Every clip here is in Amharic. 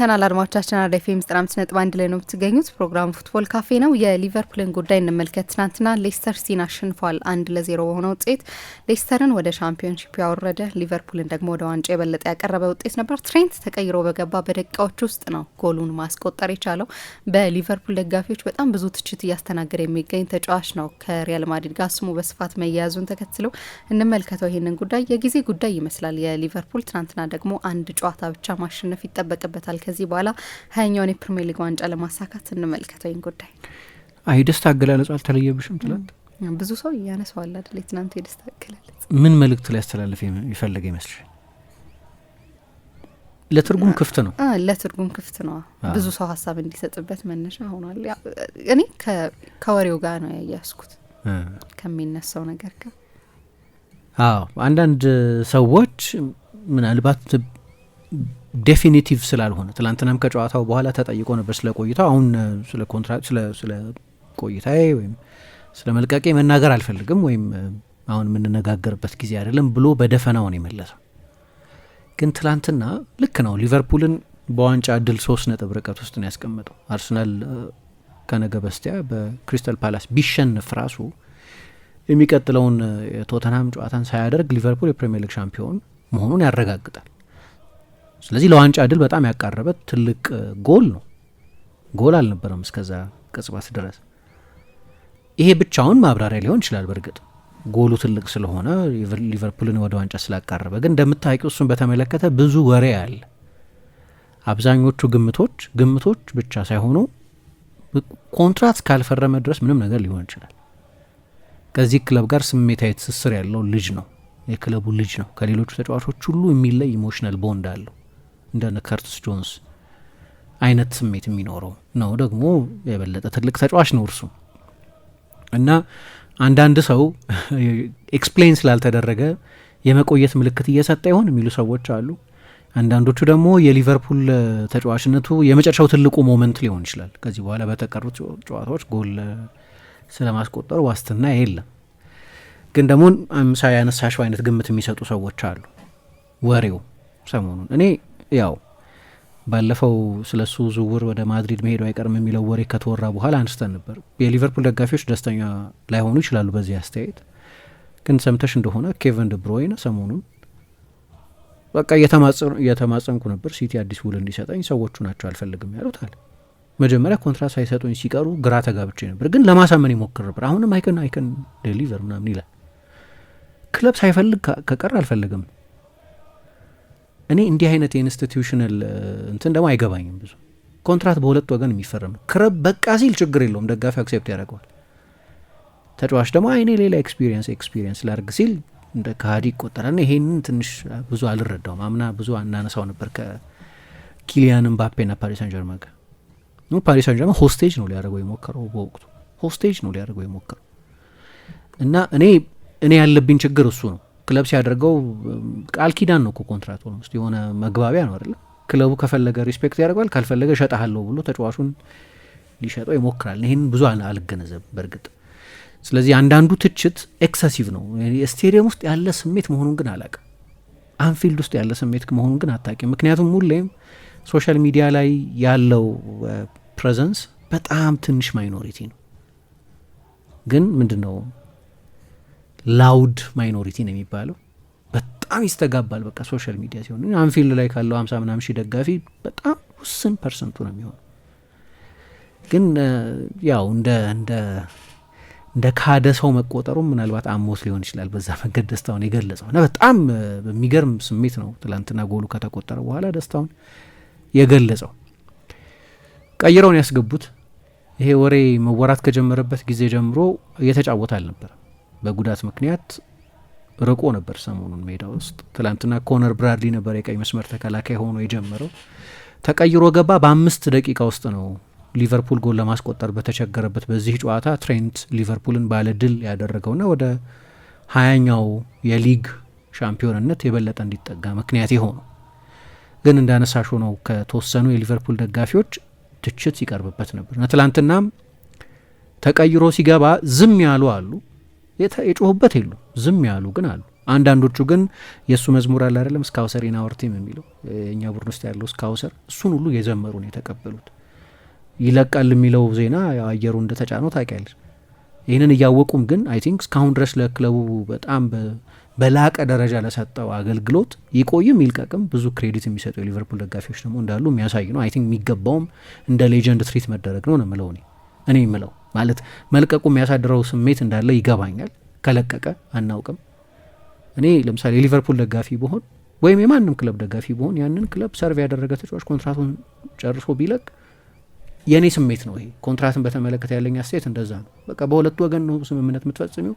ተመልሰናል። አድማጮቻችን አራዳ ኤፍ ኤም ዘጠና አምስት ነጥብ አንድ ላይ ነው የምትገኙት። ፕሮግራሙ ፉትቦል ካፌ ነው። የሊቨርፑልን ጉዳይ እንመልከት። ትናንትና ሌስተር ሲቲን አሸንፏል አንድ ለዜሮ በሆነ ውጤት። ሌስተርን ወደ ሻምፒዮንሺፕ ያወረደ ሊቨርፑልን ደግሞ ወደ ዋንጫ የበለጠ ያቀረበ ውጤት ነበር። ትሬንት ተቀይሮ በገባ በደቂቃዎች ውስጥ ነው ጎሉን ማስቆጠር የቻለው። በሊቨርፑል ደጋፊዎች በጣም ብዙ ትችት እያስተናገደ የሚገኝ ተጫዋች ነው። ከሪያል ማድሪድ ጋር ስሙ በስፋት መያያዙን ተከትሎ እንመልከተው ይህንን ጉዳይ። የጊዜ ጉዳይ ይመስላል የሊቨርፑል ትናንትና ደግሞ አንድ ጨዋታ ብቻ ማሸነፍ ይጠበቅበታል። ከዚህ በኋላ ሀያኛውን የፕሪሚየር ሊግ ዋንጫ ለማሳካት እንመልከተው ይህን ጉዳይ። አይ ደስታ አገላለጹ አልተለየብሽም? ትላንት ብዙ ሰው እያነሰዋል አደለ? ትናንት የደስታ አገላለጽ ምን መልእክት ሊያስተላልፍ ይፈለገ ይመስልሽ? ለትርጉም ክፍት ነው፣ ለትርጉም ክፍት ነው። ብዙ ሰው ሀሳብ እንዲሰጥበት መነሻ ሆኗል። እኔ ከወሬው ጋር ነው ያያስኩት ከሚነሳው ነገር ጋር። አዎ አንዳንድ ሰዎች ምናልባት ዴፊኒቲቭ ስላልሆነ ትላንትናም ከጨዋታው በኋላ ተጠይቆ ነበር ስለ ቆይታው። አሁን ስለ ኮንትራክት ስለ ቆይታዬ ወይም ስለ መልቀቄ መናገር አልፈልግም ወይም አሁን የምንነጋገርበት ጊዜ አይደለም ብሎ በደፈናው ነው የመለሰው። ግን ትላንትና ልክ ነው ሊቨርፑልን በዋንጫ ድል ሶስት ነጥብ ርቀት ውስጥ ነው ያስቀመጠው። አርሰናል ከነገ በስቲያ በክሪስታል ፓላስ ቢሸንፍ ራሱ የሚቀጥለውን የቶተንሃም ጨዋታን ሳያደርግ ሊቨርፑል የፕሪምየር ሊግ ሻምፒዮን መሆኑን ያረጋግጣል። ስለዚህ ለዋንጫ ድል በጣም ያቃረበ ትልቅ ጎል ነው። ጎል አልነበረም እስከዛ ቅጽበት ድረስ። ይሄ ብቻውን ማብራሪያ ሊሆን ይችላል። በእርግጥ ጎሉ ትልቅ ስለሆነ ሊቨርፑልን ወደ ዋንጫ ስላቃረበ፣ ግን እንደምታውቂው እሱን በተመለከተ ብዙ ወሬ አለ። አብዛኞቹ ግምቶች ግምቶች ብቻ ሳይሆኑ ኮንትራት ካልፈረመ ድረስ ምንም ነገር ሊሆን ይችላል። ከዚህ ክለብ ጋር ስሜታዊ ትስስር ያለው ልጅ ነው፣ የክለቡ ልጅ ነው። ከሌሎቹ ተጫዋቾች ሁሉ የሚለይ ኢሞሽናል ቦንድ አለው። እንደነ ከርትስ ጆንስ አይነት ስሜት የሚኖረው ነው። ደግሞ የበለጠ ትልቅ ተጫዋች ነው እርሱ እና አንዳንድ ሰው ኤክስፕሌን ስላልተደረገ የመቆየት ምልክት እየሰጠ ይሆን የሚሉ ሰዎች አሉ። አንዳንዶቹ ደግሞ የሊቨርፑል ተጫዋችነቱ የመጨረሻው ትልቁ ሞመንት ሊሆን ይችላል። ከዚህ በኋላ በተቀሩት ጨዋታዎች ጎል ስለማስቆጠሩ ዋስትና የለም። ግን ደግሞ ምሳ ያነሳሸው አይነት ግምት የሚሰጡ ሰዎች አሉ። ወሬው ሰሞኑን እኔ ያው ባለፈው ስለ እሱ ዝውውር ወደ ማድሪድ መሄዱ አይቀርም የሚለው ወሬ ከተወራ በኋላ አንስተን ነበር። የሊቨርፑል ደጋፊዎች ደስተኛ ላይሆኑ ይችላሉ በዚህ አስተያየት። ግን ሰምተሽ እንደሆነ ኬቨን ድብሮይነ ሰሞኑን በቃ እየተማጸንኩ ነበር ሲቲ አዲስ ውል እንዲሰጠኝ ሰዎቹ ናቸው አልፈልግም ያሉታል። መጀመሪያ ኮንትራት ሳይሰጡኝ ሲቀሩ ግራ ተጋብቼ ነበር፣ ግን ለማሳመን ይሞክር ነበር። አሁንም አይከን አይከን ዴሊቨር ምናምን ይላል። ክለብ ሳይፈልግ ከቀር አልፈልግም እኔ እንዲህ አይነት የኢንስቲትዩሽናል እንትን ደግሞ አይገባኝም። ብዙ ኮንትራት በሁለት ወገን የሚፈረም ነው። ክረብ በቃ ሲል ችግር የለውም፣ ደጋፊ አክሴፕት ያደርገዋል። ተጫዋች ደግሞ አይኔ ሌላ ኤክስፒሪየንስ ኤክስፒሪየንስ ላርግ ሲል እንደ ከሃዲ ይቆጠራል። ይሄንን ትንሽ ብዙ አልረዳውም። አምና ብዙ አናነሳው ነበር ከኪሊያን ምባፔ ና ጀርማ ጋር ፓሪስ ጀርማ ሆስቴጅ ነው ሊያደርገው የሞከረው በወቅቱ ሆስቴጅ ነው ሊያደርገው የሞከረው እና እኔ እኔ ያለብኝ ችግር እሱ ነው ክለብ ሲያደርገው ቃል ኪዳን ነው እኮ ኮንትራት ኦልሞስት የሆነ መግባቢያ ነው አይደለም። ክለቡ ከፈለገ ሪስፔክት ያደርገዋል፣ ካልፈለገ እሸጥሃለሁ ብሎ ተጫዋቹን ሊሸጠው ይሞክራል። ይህን ብዙ አልገነዘብ በእርግጥ ስለዚህ አንዳንዱ ትችት ኤክሰሲቭ ነው። ስቴዲየም ውስጥ ያለ ስሜት መሆኑን ግን አላውቅም። አንፊልድ ውስጥ ያለ ስሜት መሆኑን ግን አታውቂም። ምክንያቱም ሁሌም ሶሻል ሚዲያ ላይ ያለው ፕሬዘንስ በጣም ትንሽ ማይኖሪቲ ነው። ግን ምንድን ነው ላውድ ማይኖሪቲ ነው የሚባለው። በጣም ይስተጋባል። በቃ ሶሻል ሚዲያ ሲሆን አንፊልድ ላይ ካለው ሀምሳ ምናምን ሺህ ደጋፊ በጣም ውስን ፐርሰንቱ ነው የሚሆነው። ግን ያው እንደ እንደ እንደ ካደ ሰው መቆጠሩ ምናልባት አሞት ሊሆን ይችላል። በዛ መንገድ ደስታውን የገለጸው እና በጣም በሚገርም ስሜት ነው ትላንትና ጎሉ ከተቆጠረ በኋላ ደስታውን የገለጸው። ቀይረውን ያስገቡት ይሄ ወሬ መወራት ከጀመረበት ጊዜ ጀምሮ እየተጫወተ አልነበረም። በጉዳት ምክንያት ርቆ ነበር ሰሞኑን ሜዳ ውስጥ። ትላንትና ኮነር ብራድሊ ነበር የቀኝ መስመር ተከላካይ ሆኖ የጀመረው። ተቀይሮ ገባ። በአምስት ደቂቃ ውስጥ ነው ሊቨርፑል ጎል ለማስቆጠር በተቸገረበት በዚህ ጨዋታ ትሬንት ሊቨርፑልን ባለ ድል ያደረገውና ወደ ሀያኛው የሊግ ሻምፒዮንነት የበለጠ እንዲጠጋ ምክንያት የሆነው ግን እንዳነሳሽ ነው ከተወሰኑ የሊቨርፑል ደጋፊዎች ትችት ይቀርብበት ነበር። ትላንትናም ተቀይሮ ሲገባ ዝም ያሉ አሉ። የጮሁበት የሉ፣ ዝም ያሉ ግን አሉ። አንዳንዶቹ ግን የእሱ መዝሙር አለ አይደለም፣ ስካውሰር ኢናወርቲም የሚለው እኛ ቡድን ውስጥ ያለው ስካውሰር፣ እሱን ሁሉ የዘመሩ ነው የተቀበሉት። ይለቃል የሚለው ዜና አየሩ እንደ እንደተጫነው ታውቂያለሽ። ይህንን እያወቁም ግን አይ ቲንክ እስካሁን ድረስ ለክለቡ በጣም በላቀ ደረጃ ለሰጠው አገልግሎት ይቆይም ይልቀቅም ብዙ ክሬዲት የሚሰጡ የሊቨርፑል ደጋፊዎች ደግሞ እንዳሉ የሚያሳይ ነው። አይ ቲንክ የሚገባውም እንደ ሌጀንድ ትሪት መደረግ ነው ነው ምለው እኔ እኔ ምለው ማለት መልቀቁ የሚያሳድረው ስሜት እንዳለ ይገባኛል። ከለቀቀ አናውቅም። እኔ ለምሳሌ የሊቨርፑል ደጋፊ ብሆን ወይም የማንም ክለብ ደጋፊ ብሆን ያንን ክለብ ሰርቭ ያደረገ ተጫዋች ኮንትራቱን ጨርሶ ቢለቅ የእኔ ስሜት ነው። ይሄ ኮንትራትን በተመለከተ ያለኝ አስተያየት እንደዛ ነው። በቃ በሁለቱ ወገን ነው ስምምነት የምትፈጽሚው።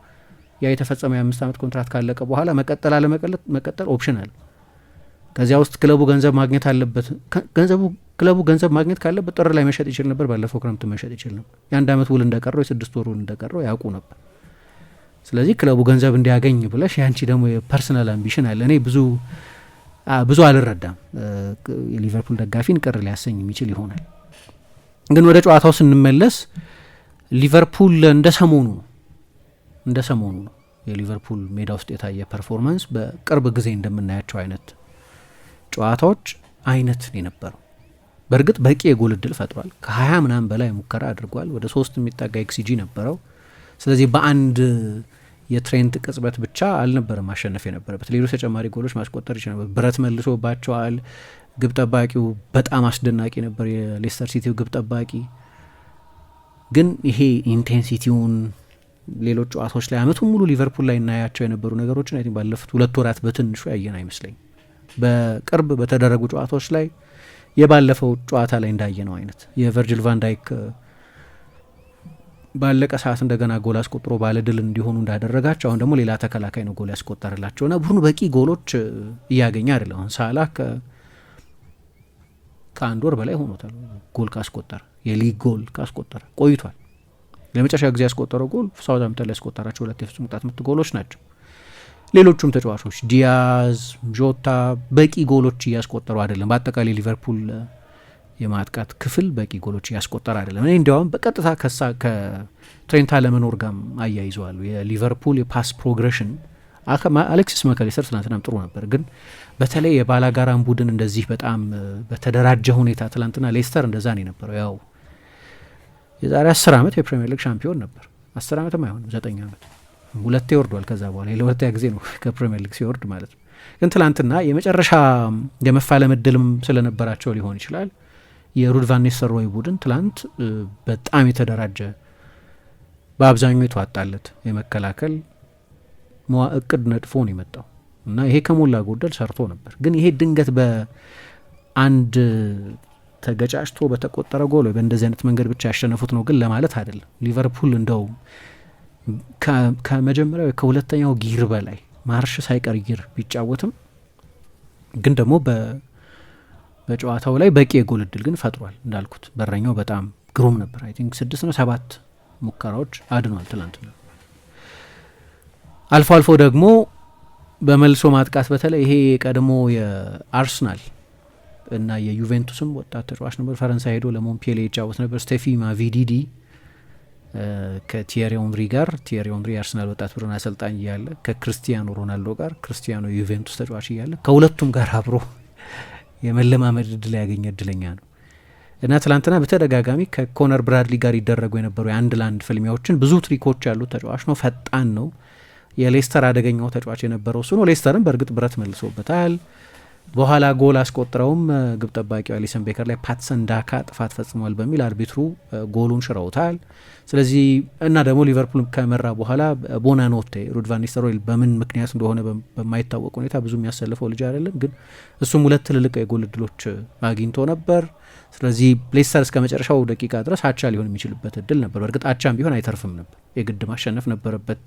ያ የተፈጸመ የአምስት ዓመት ኮንትራት ካለቀ በኋላ መቀጠል አለመቀጠል ኦፕሽናል። ከዚያ ውስጥ ክለቡ ገንዘብ ማግኘት አለበት። ገንዘቡ ክለቡ ገንዘብ ማግኘት ካለበት ጥር ላይ መሸጥ ይችል ነበር። ባለፈው ክረምት መሸጥ ይችል ነበር። የአንድ ዓመት ውል እንደቀረው የስድስት ወር ውል እንደቀረው ያውቁ ነበር። ስለዚህ ክለቡ ገንዘብ እንዲያገኝ ብለሽ ያንቺ ደግሞ የፐርሰናል አምቢሽን አለ። እኔ ብዙ ብዙ አልረዳም። የሊቨርፑል ደጋፊን ቅር ሊያሰኝ የሚችል ይሆናል። ግን ወደ ጨዋታው ስንመለስ ሊቨርፑል እንደ ሰሞኑ እንደ ሰሞኑ ነው የሊቨርፑል ሜዳ ውስጥ የታየ ፐርፎርማንስ በቅርብ ጊዜ እንደምናያቸው አይነት ጨዋታዎች አይነት የነበረው በእርግጥ በቂ የጎል እድል ፈጥሯል። ከሀያ ምናምን በላይ ሙከራ አድርጓል። ወደ ሶስት የሚጠጋ ኤክሲጂ ነበረው። ስለዚህ በአንድ የትሬንት ቅጽበት ብቻ አልነበረም ማሸነፍ የነበረበት፣ ሌሎች ተጨማሪ ጎሎች ማስቆጠር ይችል ነበር። ብረት መልሶባቸዋል። ግብ ጠባቂው በጣም አስደናቂ ነበር፣ የሌስተር ሲቲው ግብ ጠባቂ ግን ይሄ ኢንቴንሲቲውን ሌሎች ጨዋታዎች ላይ አመቱን ሙሉ ሊቨርፑል ላይ እናያቸው የነበሩ ነገሮችን አይ ባለፉት ሁለት ወራት በትንሹ ያየን አይመስለኝ። በቅርብ በተደረጉ ጨዋታዎች ላይ የባለፈው ጨዋታ ላይ እንዳየ ነው አይነት የቨርጅል ቫንዳይክ ባለቀ ሰዓት እንደገና ጎል አስቆጥሮ ባለድል እንዲሆኑ እንዳደረጋቸው አሁን ደግሞ ሌላ ተከላካይ ነው ጎል ያስቆጠርላቸው እና ቡድኑ በቂ ጎሎች እያገኘ አይደለም። አሁን ሳላ ከአንድ ወር በላይ ሆኖታል ጎል ካስቆጠረ የሊግ ጎል ካስቆጠረ ቆይቷል። ለመጨረሻ ጊዜ ያስቆጠረው ጎል ሳውዛምፕተን ላይ ያስቆጠራቸው ሁለት የፍጹም ቅጣት ምት ጎሎች ናቸው። ሌሎቹም ተጫዋቾች ዲያዝ፣ ጆታ በቂ ጎሎች እያስቆጠሩ አይደለም። በአጠቃላይ ሊቨርፑል የማጥቃት ክፍል በቂ ጎሎች እያስቆጠረ አይደለም። እኔ እንዲያውም በቀጥታ ከሳ ከትሬንታ ለመኖር ጋም አያይዘዋሉ። የሊቨርፑል የፓስ ፕሮግሬሽን አሌክሲስ ማካሊስተር ትናንትናም ጥሩ ነበር፣ ግን በተለይ የባላጋራን ቡድን እንደዚህ በጣም በተደራጀ ሁኔታ ትላንትና ሌስተር እንደዛ ነው የነበረው። ያው የዛሬ አስር ዓመት የፕሪሚየር ሊግ ሻምፒዮን ነበር። አስር ዓመትም አይሆንም ዘጠኝ ዓመት ሁለቴ ወርዷል። ከዛ በኋላ ለሁለተኛ ጊዜ ነው ከፕሪሚየር ሊግ ሲወርድ ማለት ነው። ግን ትላንትና የመጨረሻ የመፋለም እድልም ስለነበራቸው ሊሆን ይችላል የሩድ ቫን ኒስተልሮይ ቡድን ትላንት በጣም የተደራጀ በአብዛኛው የተዋጣለት የመከላከል እቅድ ነድፎ ነው የመጣው እና ይሄ ከሞላ ጎደል ሰርቶ ነበር። ግን ይሄ ድንገት በአንድ ተገጫጭቶ በተቆጠረ ጎል ወይ በእንደዚህ አይነት መንገድ ብቻ ያሸነፉት ነው ግን ለማለት አይደለም። ሊቨርፑል እንደው ከመጀመሪያው ከሁለተኛው ጊር በላይ ማርሽ ሳይቀር ጊር ቢጫወትም ግን ደግሞ በጨዋታው ላይ በቂ የጎል እድል ግን ፈጥሯል። እንዳልኩት በረኛው በጣም ግሩም ነበር። አይ ቲንክ ስድስት ነው ሰባት ሙከራዎች አድኗል ትላንትና። አልፎ አልፎ ደግሞ በመልሶ ማጥቃት በተለይ ይሄ ቀድሞ የአርስናል እና የዩቬንቱስም ወጣት ተጫዋች ነበር። ፈረንሳይ ሄዶ ለሞንፔሌ ይጫወት ነበር ስቴፊ ማቪዲዲ ከቲየሪ ኦንሪ ጋር ቲየሪ ኦንሪ የአርሰናል ወጣት ቡድን አሰልጣኝ እያለ ከክርስቲያኖ ሮናልዶ ጋር ክርስቲያኖ ዩቬንቱስ ተጫዋች እያለ ከሁለቱም ጋር አብሮ የመለማመድ እድል ያገኘ እድለኛ ነው እና ትላንትና በተደጋጋሚ ከኮነር ብራድሊ ጋር ይደረጉ የነበሩ የአንድ ለአንድ ፍልሚያዎችን ብዙ ትሪኮች ያሉት ተጫዋች ነው። ፈጣን ነው። የሌስተር አደገኛው ተጫዋች የነበረው እሱ ነው። በእርግጥ ብረት መልሶበታል። በኋላ ጎል አስቆጥረውም ግብ ጠባቂው አሊሰን ቤከር ላይ ፓትሰን ዳካ ጥፋት ፈጽሟል በሚል አርቢትሩ ጎሉን ሽረውታል። ስለዚህ እና ደግሞ ሊቨርፑል ከመራ በኋላ ቦናኖቴ ኖቴ ሮድቫን ኒስተልሮይ በምን ምክንያት እንደሆነ በማይታወቅ ሁኔታ ብዙ የሚያሰልፈው ልጅ አይደለም፣ ግን እሱም ሁለት ትልልቅ የጎል እድሎች አግኝቶ ነበር። ስለዚህ ሌስተር እስከ መጨረሻው ደቂቃ ድረስ አቻ ሊሆን የሚችልበት እድል ነበር። በእርግጥ አቻም ቢሆን አይተርፍም ነበር፣ የግድ ማሸነፍ ነበረበት።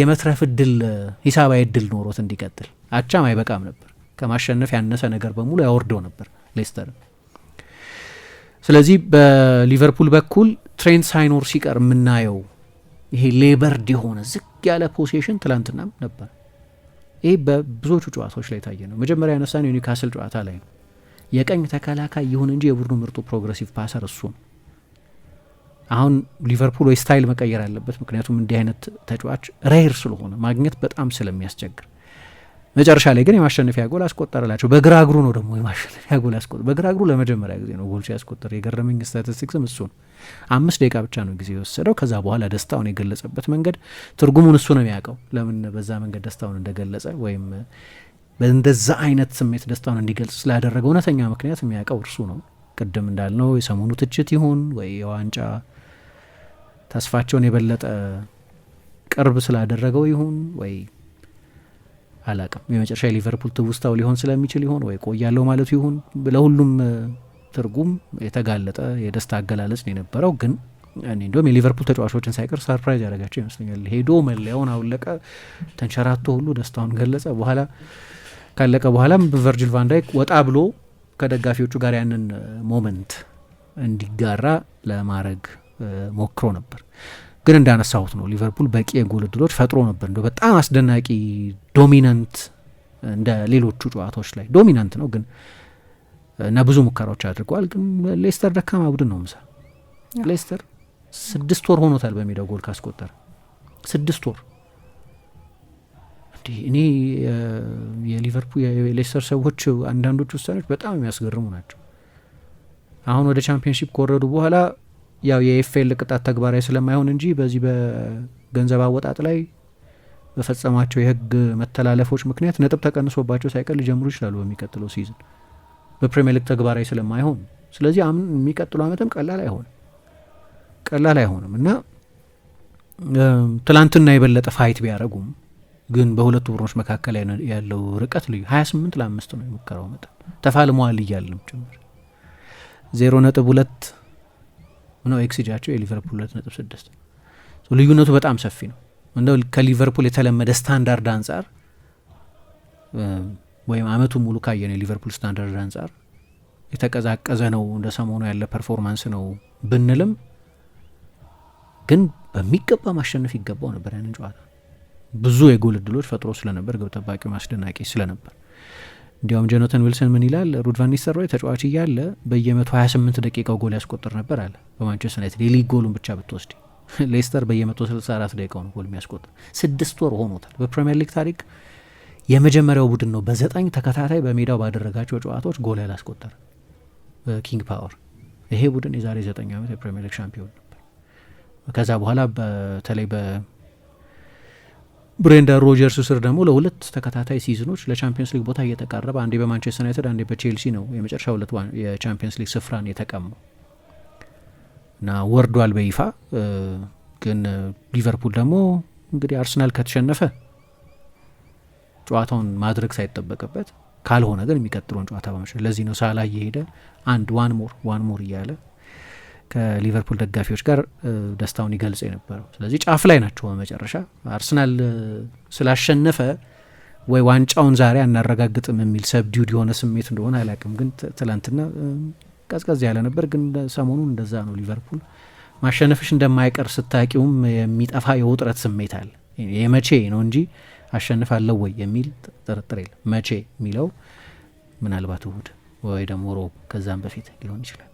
የመትረፍ እድል ሂሳባዊ እድል ኖሮት እንዲቀጥል አቻም አይበቃም ነበር። ከማሸነፍ ያነሰ ነገር በሙሉ ያወርደው ነበር ሌስተር። ስለዚህ በሊቨርፑል በኩል ትሬንት ሳይኖር ሲቀር የምናየው ይሄ ሌበርድ የሆነ ዝግ ያለ ፖሴሽን ትላንትናም ነበር። ይህ በብዙዎቹ ጨዋታዎች ላይ የታየ ነው። መጀመሪያ ያነሳን የኒውካስል ጨዋታ ላይ ነው። የቀኝ ተከላካይ ይሁን እንጂ የቡድኑ ምርጡ ፕሮግረሲቭ ፓሰር እሱ ነው። አሁን ሊቨርፑል ወይ ስታይል መቀየር አለበት፣ ምክንያቱም እንዲህ አይነት ተጫዋች ሬር ስለሆነ ማግኘት በጣም ስለሚያስቸግር መጨረሻ ላይ ግን የማሸነፊያ ጎል አስቆጠረላቸው። በግራ እግሩ ነው ደግሞ የማሸነፊያ ጎል አስቆጠረ። በግራ እግሩ ለመጀመሪያ ጊዜ ነው ጎል ሲያስቆጠረ። የገረመኝ ስታቲስቲክስም እሱ ነው። አምስት ደቂቃ ብቻ ነው ጊዜ የወሰደው። ከዛ በኋላ ደስታውን የገለጸበት መንገድ ትርጉሙን እሱ ነው የሚያውቀው፣ ለምን በዛ መንገድ ደስታውን እንደገለጸ ወይም በእንደዛ አይነት ስሜት ደስታውን እንዲገልጽ ስላደረገ እውነተኛ ምክንያት የሚያውቀው እርሱ ነው። ቅድም እንዳልነው የሰሞኑ ትችት ይሁን ወይ የዋንጫ ተስፋቸውን የበለጠ ቅርብ ስላደረገው ይሁን ወይ አላቅም። የመጨረሻ የሊቨርፑል ትውስታው ሊሆን ስለሚችል ይሆን ወይ ቆያለው ማለቱ ይሆን ለሁሉም ትርጉም የተጋለጠ የደስታ አገላለጽ ነው የነበረው። ግን እንዲሁም የሊቨርፑል ተጫዋቾችን ሳይቀር ሰርፕራይዝ ያደረጋቸው ይመስለኛል። ሄዶ መለያውን አውለቀ፣ ተንሸራቶ ሁሉ ደስታውን ገለጸ። በኋላ ካለቀ በኋላም ቨርጅል ቫንዳይክ ወጣ ብሎ ከደጋፊዎቹ ጋር ያንን ሞመንት እንዲጋራ ለማድረግ ሞክሮ ነበር። ግን እንዳነሳሁት ነው ሊቨርፑል በቂ የጎል እድሎች ፈጥሮ ነበር። እንደ በጣም አስደናቂ ዶሚናንት እንደ ሌሎቹ ጨዋታዎች ላይ ዶሚናንት ነው ግን እና ብዙ ሙከራዎች አድርገዋል። ግን ሌስተር ደካማ ቡድን ነው። ምሳ ሌስተር ስድስት ወር ሆኖታል በሜዳው ጎል ካስቆጠረ ስድስት ወር እንዲህ እኔ የሊቨርፑል የሌስተር ሰዎች አንዳንዶቹ ውሳኔዎች በጣም የሚያስገርሙ ናቸው። አሁን ወደ ቻምፒዮንሺፕ ከወረዱ በኋላ ያው የኤፍኤል ቅጣት ተግባራዊ ስለማይሆን እንጂ በዚህ በገንዘብ አወጣጥ ላይ በፈጸማቸው የህግ መተላለፎች ምክንያት ነጥብ ተቀንሶባቸው ሳይቀር ሊጀምሩ ይችላሉ በሚቀጥለው ሲዝን በፕሪሚየር ሊግ ተግባራዊ ስለማይሆን። ስለዚህ አምን የሚቀጥሉ አመትም ቀላል አይሆንም ቀላል አይሆንም እና ትላንትና የበለጠ ፋይት ቢያደረጉም ግን በሁለቱ ቡድኖች መካከል ያለው ርቀት ልዩ 28 ለአምስት ነው የሙከራው መጠን ተፋልመዋል እያልንም ጭምር ዜሮ ነጥብ ሁለት ነው ኤክሲጃቸው የሊቨርፑል ሁለት ነጥብ ስድስት ልዩነቱ በጣም ሰፊ ነው። እንደው ከሊቨርፑል የተለመደ ስታንዳርድ አንጻር ወይም አመቱ ሙሉ ካየነው የሊቨርፑል ስታንዳርድ አንጻር የተቀዛቀዘ ነው እንደ ሰሞኑ ያለ ፐርፎርማንስ ነው ብንልም ግን በሚገባ ማሸነፍ ይገባው ነበር። ያንን ጨዋታ ብዙ የጎል እድሎች ፈጥሮ ስለነበር ግብ ጠባቂው አስደናቂ ስለነበር እንዲያውም ጆናታን ዊልሰን ምን ይላል ሩድቫን ቫን ኒስተልሮይ ተጫዋች እያለ በየ 28 ደቂቃው ጎል ያስቆጥር ነበር አለ። በማንቸስተር ዩናይትድ የሊግ ጎሉን ብቻ ብትወስድ ሌስተር በየ164 ደቂቃው ነው ጎል የሚያስቆጥር። ስድስት ወር ሆኖታል። በፕሪምየር ሊግ ታሪክ የመጀመሪያው ቡድን ነው በዘጠኝ ተከታታይ በሜዳው ባደረጋቸው ጨዋታዎች ጎል ያላስቆጠር በኪንግ ፓወር። ይሄ ቡድን የዛሬ ዘጠኝ ዓመት የፕሪምየር ሊግ ሻምፒዮን ነበር። ከዛ በኋላ በተለይ በ ብሬንዳን ሮጀርስ ስር ደግሞ ለሁለት ተከታታይ ሲዝኖች ለቻምፒየንስ ሊግ ቦታ እየተቃረበ አንዴ በማንቸስተር ዩናይትድ አንዴ በቼልሲ ነው የመጨረሻ ሁለት የቻምፒየንስ ሊግ ስፍራን የተቀሙ እና ወርዷል በይፋ ግን ሊቨርፑል ደግሞ እንግዲህ አርሰናል ከተሸነፈ ጨዋታውን ማድረግ ሳይጠበቅበት ካልሆነ ግን የሚቀጥለውን ጨዋታ በመሸ ለዚህ ነው ሳላ እየሄደ አንድ ዋን ሞር ዋን ሞር እያለ ከሊቨርፑል ደጋፊዎች ጋር ደስታውን ይገልጽ የነበረው። ስለዚህ ጫፍ ላይ ናቸው። በመጨረሻ አርሰናል ስላሸነፈ ወይ ዋንጫውን ዛሬ አናረጋግጥም የሚል ሰብዲዩድ የሆነ ስሜት እንደሆነ አላውቅም፣ ግን ትላንትና ቀዝቀዝ ያለ ነበር። ግን ሰሞኑን እንደዛ ነው። ሊቨርፑል ማሸነፍሽ እንደማይቀር ስታቂውም የሚጠፋ የውጥረት ስሜት አለ። የመቼ ነው እንጂ አሸንፋለሁ ወይ የሚል ጥርጥር የለም። መቼ የሚለው ምናልባት እሁድ ወይ ደግሞ ሮብ ከዛም በፊት ሊሆን ይችላል።